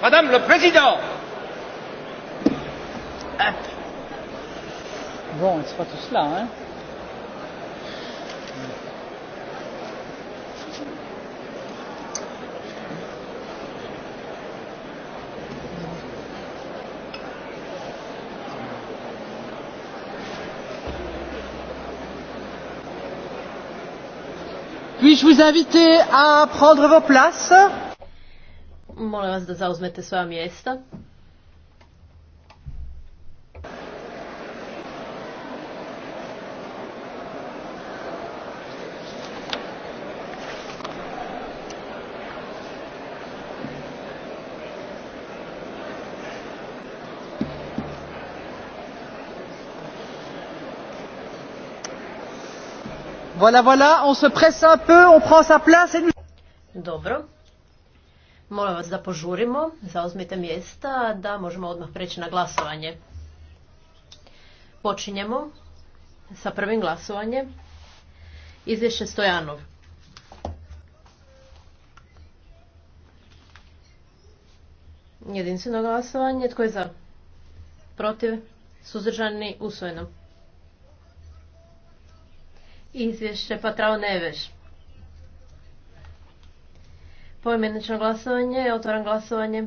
Madame le Président Bon, c'est pas tout cela, hein Puis-je vous inviter à prendre vos places Molim vas da zauzmete svoja mjesta. Voilà, voilà, on se presse un peu, on prend sa place et nous... Dobro, Molim vas da požurimo, zauzmite mjesta, da možemo odmah preći na glasovanje. Počinjemo sa prvim glasovanjem. Izvješće Stojanov. Jedinstveno glasovanje. Tko je za? Protiv? Suzdržani? Usvojeno. Izvješće Patrao Neveš. Pojmenično glasovanje, otvoram glasovanje.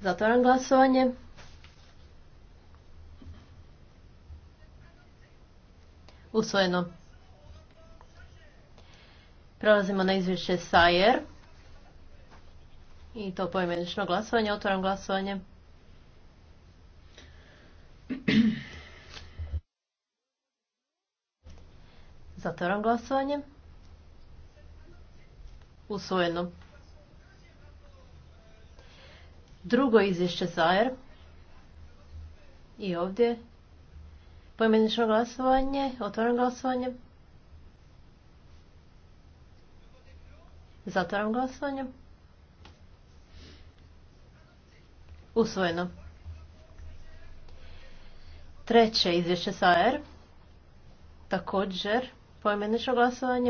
Zatvaram glasovanje. Usvojeno. Prelazimo na izvješće Sajer. I to poimenično glasovanje. Otvaram glasovanje. Zatvaram glasovanje. Usvojeno. Drugo izvješće Sajer. I ovdje pojmenično glasovanje, otvaram glasovanje. Zatvaram glasovanje. Usvojeno. Treće izvješće sa R. Također Poimenično glasovanje.